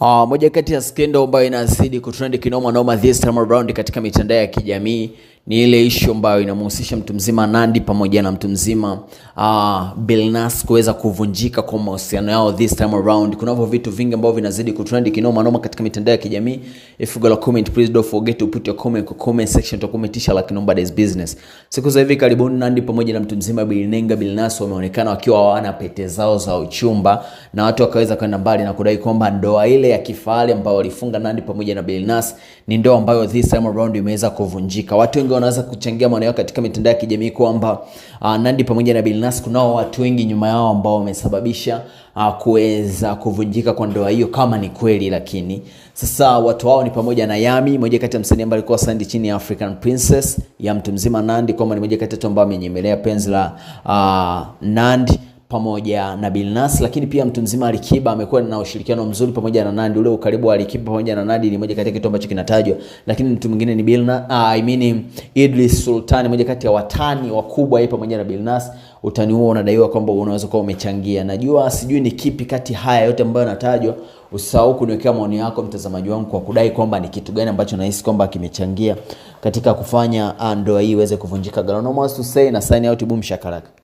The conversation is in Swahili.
Uh, moja kati ya skendo ambayo inazidi kutrend kinoma noma this time around katika mitandao ya kijamii ni ile ishu ambayo inamhusisha mtu mzima Nandi pamoja na mtu mzima uh, ah, Billnass kuweza kuvunjika kwa mahusiano yao this time around. Kunavyo vitu vingi ambavyo vinazidi kutrend kinoma noma katika mitandao ya kijamii. If you got a comment please don't forget to put your comment kwa comment section, tutakomentisha like nobody's business. Siku za hivi karibuni Nandi pamoja na mtu mzima Bilnenga Billnass wameonekana wakiwa hawana pete zao za uchumba, na watu wakaweza kwenda mbali na kudai kwamba ndoa ile ya kifahari ambayo walifunga Nandi pamoja na Billnass ni ndoa ambayo this time around imeweza kuvunjika. Watu wengi wanaweza kuchangia maoni yao katika mitandao ya kijamii kwamba uh, ah, Nandy pamoja na Billnass kunao watu wengi nyuma yao ambao wamesababisha uh, kuweza kuvunjika kwa ndoa hiyo, kama ni kweli. Lakini sasa watu wao ni pamoja na Yami, moja kati ya msanii ambaye alikuwa sandi chini ya African Princess ya mtu mzima Nandy, kwamba ni moja kati ya watu ambao amenyemelea penzi la uh, ah, Nandy pamoja na Bilnas, lakini pia mtu mzima Alikiba amekuwa na ushirikiano mzuri pamoja na Nandi. Ule ukaribu wa Alikiba pamoja na Nandi ni moja kati ya kitu ambacho kinatajwa, lakini mtu mwingine ni Bilna, uh, ah, I mean Idris Sultan, moja kati ya watani wakubwa yeye pamoja na Bilnas. Utani huo unadaiwa kwamba unaweza kuwa umechangia. Najua sijui ni kipi kati haya yote ambayo natajwa. Usisahau kuniwekea maoni yako mtazamaji wangu, kwa kudai kwamba ni kitu gani ambacho nahisi kwamba kimechangia katika kufanya ah, ndoa hii iweze kuvunjika. Galano must say na sign out boom shakaraka.